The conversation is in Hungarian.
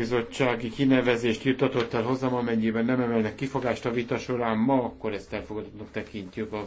bizottsági kinevezést juttatott el hozzám, amennyiben nem emelnek kifogást a vita során ma, akkor ezt elfogadottnak tekintjük a